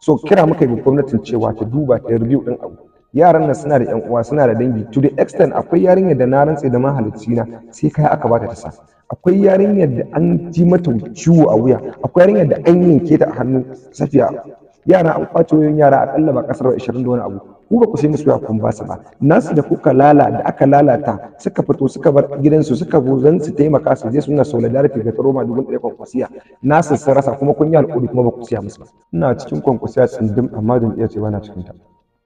so kira muka yi gwamnatin cewa ta duba ta review din abu yaran nan suna da yan uwa suna da dangi to the extent akwai yarinyar da na rantse da mahalicci na sai kai aka bata ta sa akwai yarinyar da an ji mata ciwo a wuya akwai yarinyar da an yanke ta a hannu safiya yara an kwace wayoyin yara akalla ba kasar 20 da wani abu ku ba ku sai musu ya kun ba su ba nasu da kuka lala da aka lalata suka fito suka bar gidansu suka zo zan su taimaka su je suna solidarity ga taroma dubun ɗaya kwankwasiya nasu sun rasa kuma kun yi alƙuri kuma ba ku siya musu ba ina cikin kwankwasiya tsindim amma zan iya ce ba na cikin ta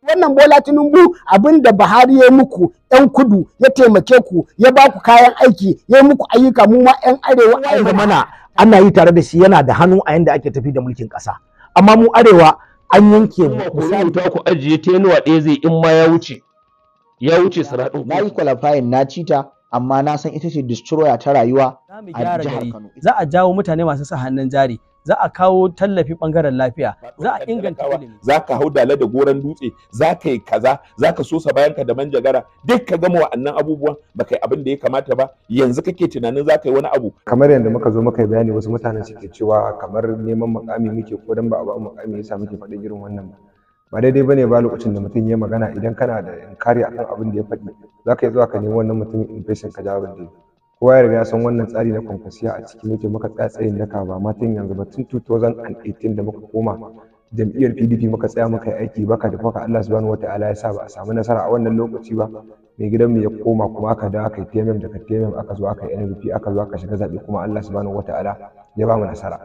wannan Bola Tinubu abin da Buhari ya muku yan kudu ya taimake ku ya ba ku kayan aiki ya muku ayyuka mu ma yan arewa a mana ana yi tare da shi yana da hannu a yanda ake tafi da mulkin ƙasa. amma mu arewa an yanke mu misali ta ku ajiye tenuwa ɗaya zai in ma ya wuce ya wuce na yi qualifying na cita amma na san ita ce destroyer ta rayuwa a jihar Kano za a jawo mutane masu sa hannun jari za a kawo tallafi bangaren lafiya za a inganta ilimi za ka hau dala da goran dutse za ka yi kaza za ka sosa bayan ka da manjagara duk ka gama wa'annan abubuwan ba kai abin da ya kamata ba yanzu kake tunanin za ka yi wani abu kamar yadda muka zo muka yi bayani wasu mutane suke cewa kamar neman mukami muke ko dan ba a ba mukami yasa muke faɗin irin wannan ba ba daidai bane ba lokacin da mutum ya magana idan kana da inkari akan abin da ya faɗi za ka yi zuwa ka nemi wannan mutumin in fesin ka jawabin da kowa ya riga ya san wannan tsari na kwankwasiya a cikin yake muka tsaya tsayin daka ba matan yanzu ba tun 2018 da muka koma jam'iyyar pdp muka tsaya muka yi aiki baka da faka allah subhanahu wa ta'ala ya sa ba a samu nasara a wannan lokaci ba mai gidan mu ya koma kuma aka dawo aka yi tmm daga tmm aka zo aka yi nvp aka zo aka shiga zaɓe kuma allah subhanahu wa ta'ala ya ba mu nasara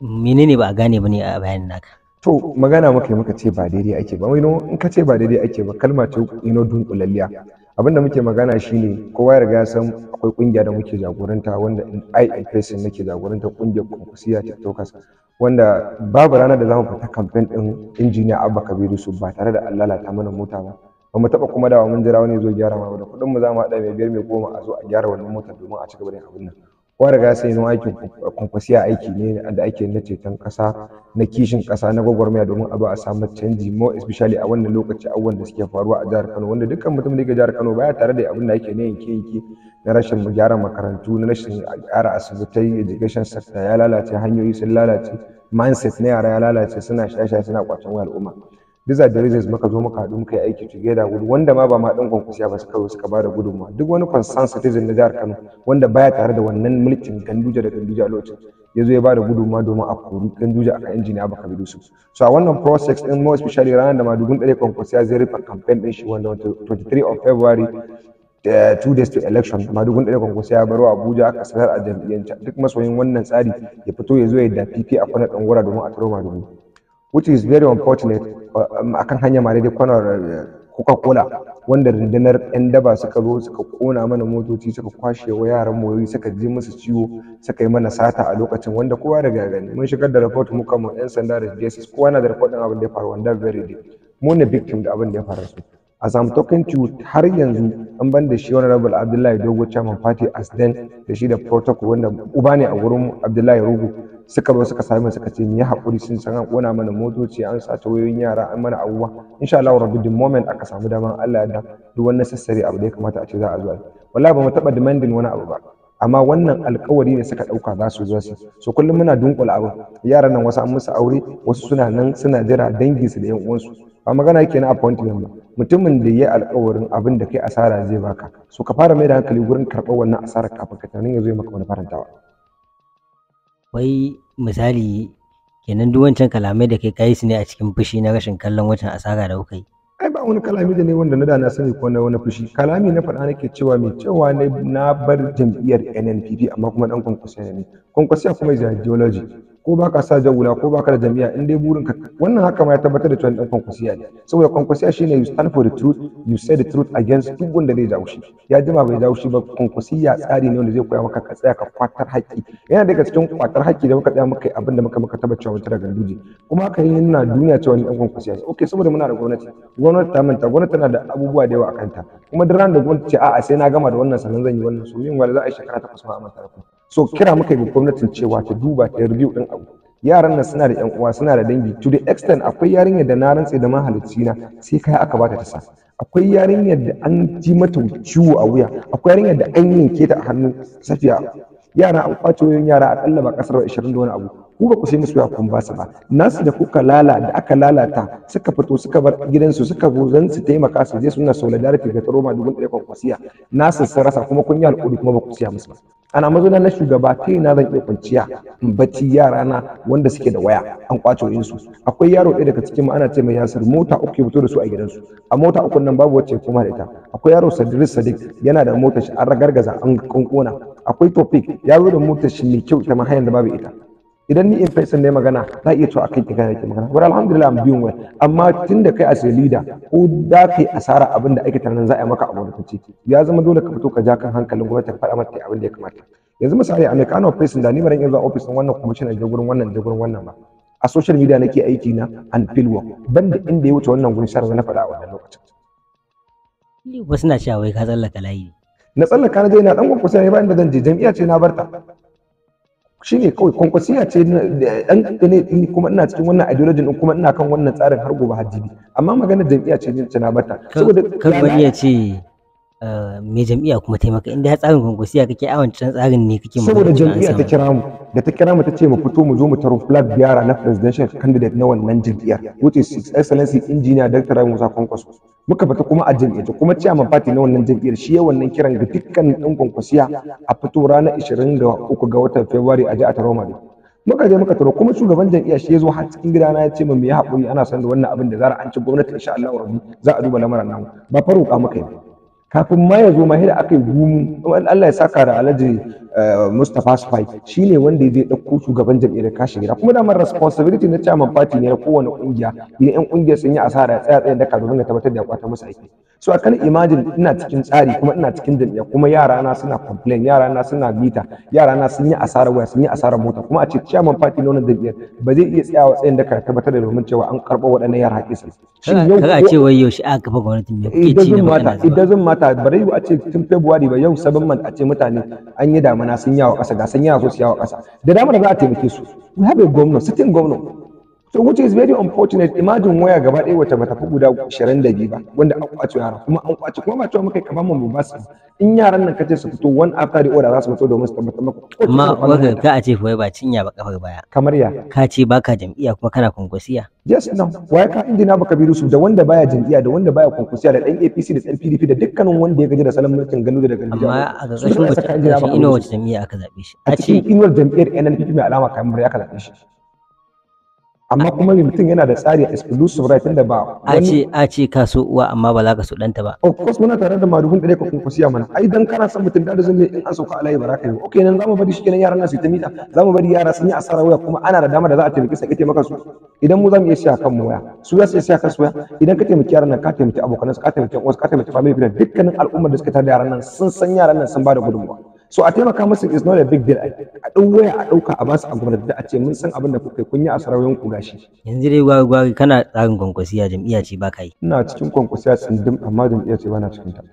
menene ba a gane ba ne a bayanin naka to magana muka yi muka ce ba daidai ake ba wai in ka ce ba daidai ake ba kalma ce ino dunkulalliya abin da muke magana shine kowa ya riga ya san akwai kungiya da muke jagoranta wanda i in person nake jagoranta kungiyar kunkusiya tiktokers wanda babu ranar da zamu fita campaign ɗin injiniya abba kabiru su ba tare da an lalata mana mota ba ba mu taɓa kuma dawa mun jira wani zo gyara ma da kuɗin mu za mu haɗa mai biyar mai goma a zo a gyara wannan motar domin a ci gaba da abin nan kwa riga sai zama aikin kwankwasiya aiki ne da ake na ceton kasa, na kishin kasa, na gwagwarmaya domin a ba a samu canji more especially a wannan lokaci abubuwan da suke faruwa a jihar Kano wanda dukkan mutum da ke jihar Kano baya tare da abin da ake ne yanke yanke na rashin gyara makarantu na rashin gyara asibitai education sector ya lalace hanyoyi sun lalace mindset na yara ya lalace suna shasha suna kwacen al'umma bisa da reasons muka zo muka haɗu muka yi aiki together gudu wanda ma ba ma ɗan kwankwasiya ba suka zo suka bada gudunmawa duk wani concerned citizen na jihar Kano wanda baya tare da wannan mulkin Ganduje da Ganduje a lokacin ya zo ya bada gudunmawa domin a kori Ganduje aka injiniya Abubakar su so a wannan process din more especially ranar da madugun ɗare kwankwasiya zai rufe campaign ɗin shi wanda 23 of February da eh, two days to election madugun ɗaya kwankwasa ya baro abuja aka sanar a jam'iyyance duk masoyin wannan tsari ya fito ya zo ya dafi fifi a kwanar ɗangura domin a taro madugun which is very unfortunate um, akan hanya ma dai kwanar eh, Coca-Cola wanda rundunar 'yan daba suka zo suka kona mana motoci suka kwashe wa yaran moyoyi suka ji musu ciwo suka yi mana sata a lokacin wanda kowa daga gani mun shigar da report mu mu 'yan sanda da jesus kowa na da report din abin da ya faru wanda very day mu ne victim da abin da ya faru as i'm talking to har yanzu an ban da shi honorable abdullahi dogo chairman party as then da shi da protocol wanda uba ne a gurin abdullahi rugu suka zo suka same suka ce ni hakuri sun san an kona mana motoci an sace wayoyin yara an mana abubuwa insha Allah rabbi the moment aka samu dama Allah ya da duk wannan sassare abu da ya kamata a ce za a zo wallahi ba mu taba demanding wani abu ba amma wannan alkawari ne suka dauka za su zo su so kullum muna dunkula abu yaran nan wasu an musu aure wasu suna nan suna jira su da yan uwansu ba magana yake na appointment ba mutumin da ya alƙawarin abin da kai asara zai baka so ka fara mai da hankali gurin karɓar wannan asarar kafin ka tunanin ya zo maka wani farantawa wai misali kenan duk wancan kalamai da kai kayi su ne a cikin fushi na rashin kallon wancan asara da kuka yi wani kalami da ne wanda na da na sani ko na wani fushi kalami na faɗa nake cewa mai cewa ne na bar jam'iyyar NNPP amma kuma dan kwankwasiya ne kwankwasiya kuma is ideology ko ba ka sa jawula ko ba ka da jami'a, in dai burinka wannan haka ma ya tabbatar da cewa dan kwankwasiya ne saboda kwankwasiya shine you stand for the truth you say the truth against duk wanda zai jawo shi ya jima bai jawo shi ba kwankwasiya tsari ne wanda zai koya maka ka tsaya ka kwatar haƙƙi yana daga cikin kwatar haƙƙi da muka tsaya muka yi abin da muka muka tabbatar cewa mutara daga kuma haka yi nuna duniya cewa dan kwankwasa ne okay saboda muna da gwamnati gwamnati ta manta gwamnati tana da abubuwa da yawa a kanta kuma duk ranar da gwamnati ce a'a sai na gama da wannan sannan zan yi wannan so min za a yi shekara takwas ma a manta da ku so kira muka yi gwamnatin cewa ta duba ta review din abu yaran nan suna da yan uwa suna da dangi to the extent akwai yarinya da na rantse da mahalicci na sai kai aka bata ta sa akwai yarinyar da an ji mata ciwo a wuya akwai yarinyar da an yanke ta a hannu safiya yara an kwace wayoyin yara akalla ba kasar 20 da wani abu ku ba ku sai musu kun ba su ba nasu da kuka lala da aka lalata suka fito suka bar gidansu suka zan su taimaka su je suna solidarity ga taroma dubun ɗaya kwasiya nasu sun rasa kuma kun yi alƙuri kuma ba ku siya musu ba ana mazuna na shugaba kai na zan iya kwanciya in bacci yara na wanda suke da waya an kwace wayin su akwai yaro ɗaya daga cikin mu ana ce mai yasir mota uku ya fito da su a gidansu a mota uku nan babu wacce kuma da ita akwai yaro sadris sadik yana da motar shi an ragargaza an kankona akwai topic ya zo da motar shi mai kyau ita ma da babu ita idan ni in person ne magana za iya cewa akai kika yake magana well alhamdulillah am biyun wai amma tunda kai as a leader ko da kai asara abin da ake tunanin za a yi maka a gwamnatance ya zama dole ka fito ka ja kan hankalin gwamnati ka faɗa mata abin da ya kamata yanzu misali a mekano person da ni baran yanzu a office din wannan commissioner da gurin wannan da gurin wannan ba a social media nake aiki na and field work banda inda ya wuce wannan gurin shar na faɗa a wannan lokacin ni ba suna cewa wai ka tsallaka layi na tsallaka na je na dan gwamnati ne bayan zan je jami'a ce na barta shi ne kawai kwankwasiya ce ɗan ne kuma ina cikin wannan ideology din kuma ina kan wannan tsarin har gobe hajjibi amma maganar jam'iyya ce jin cina bata saboda kan bari ya ce eh, me jam'iyya kuma taimaka inda ya tsarin kwankwasiya kake awon can tsarin ne kake magana saboda jam'iyya ta kira mu da ta kira mu ta ce mu fito mu zo mu taro flag biyara na presidential candidate na wannan jam'iyyar which is his excellency engineer dr musa kwankwaso muka fita kuma a jam'iyyar kuma ciyaman fati na wannan jam'iyyar shi ya wannan kiran ga dukkan ɗan kwankwasiya a fito ranar ishirin ga uku ga watan february a ji a taro mali muka je muka taro kuma shugaban jami'a shi ya zo har cikin gidana ya ce min me ya haƙuri ana son da wannan abin da zara an ci gwamnati insha Allah za a duba lamarin namu. ba faruka muka yi kafin ma ya zo ma da aka yi gumu Allah ya saka da alhaji eh, Mustapha sufai, shi ne wanda zai ɗauko shugaban jam'iyyar kashi gida kuma damar responsibility na chairman party ne na kowane ƙungiya idan 'yan ƙungiyar sun yi asara ya tsaya tsayin daka domin ya tabbatar da ya kwata musu aiki so a kan imagine ina cikin tsari kuma ina cikin jami'a kuma yara na suna complain yara na suna bita yara na sun yi asarar waya sun yi asarar mota kuma a ce chairman party na wannan jami'ar ba zai iya tsayawa tsayin da ka tabbatar da domin cewa an karɓo waɗannan yara haƙƙi su shin yau kaga ce wai yaushe aka kafa gwamnatin me kuke eh, ci na mata it doesn't matter bare a ce tun february ba yau sabon man a ce mutane an yi damana sun yawo ƙasa ga sun yawo so su yawo ƙasa da dama da za a taimake su we have a governor sitting governor so which is very unfortunate imagine waya gaba ɗaya wata bata fi guda 22 ba wanda an kwace yara kuma an kwace kuma ba cewa muka ka mu ba su in yaran nan kace su fito one after the other za su fito domin su tabbatar maka amma wanda ka a ce wai ba cinya ba kafar baya kamar ya ka ce baka jam'iyya kuma kana kongosiya yes no waya ka injina baka biru su da wanda baya jam'iyya da wanda baya kongosiya da dan APC da dan PDP da dukkanin wanda ya gaji da salon mulkin gano da daga amma a ga gashin wata inuwar jam'iyya aka zabe shi a cikin inuwar jam'iyyar NNPP mai alama kamar ya ka zabe shi amma kuma mutum yana da tsari exclusive right inda ba a ce a ce ka so uwa amma ba za ka so danta ba of course muna tare da maruhun da ka siya mana ai dan kana son mutum da zan ne in an sauka alai baraka yau okay nan zamu bari shi kenan yaran nan su ta mita zamu bari yara sun yi asara waya kuma ana da dama da za a taimaki sai ka maka su idan mu zamu iya siya kan mu waya su za su iya siya kan su waya idan ka taimaki yaran nan ka taimaki abokan ka taimaki wasu ka taimaki family dukkanin al'ummar da suka tare da yaran nan sun san yaran nan sun ba da gudunmawa so a taimaka musu is not a big deal a ɗau waya a ɗauka a basu a gwamnati da a ce mun san abin da kuka kun yi a sarayoyin ku gashi yanzu dai gwari gwari kana tsarin kwankwasiya jam'iyya ce ba ka yi ina cikin kwankwasiya tsindim amma jam'iyya ce ba na cikin ta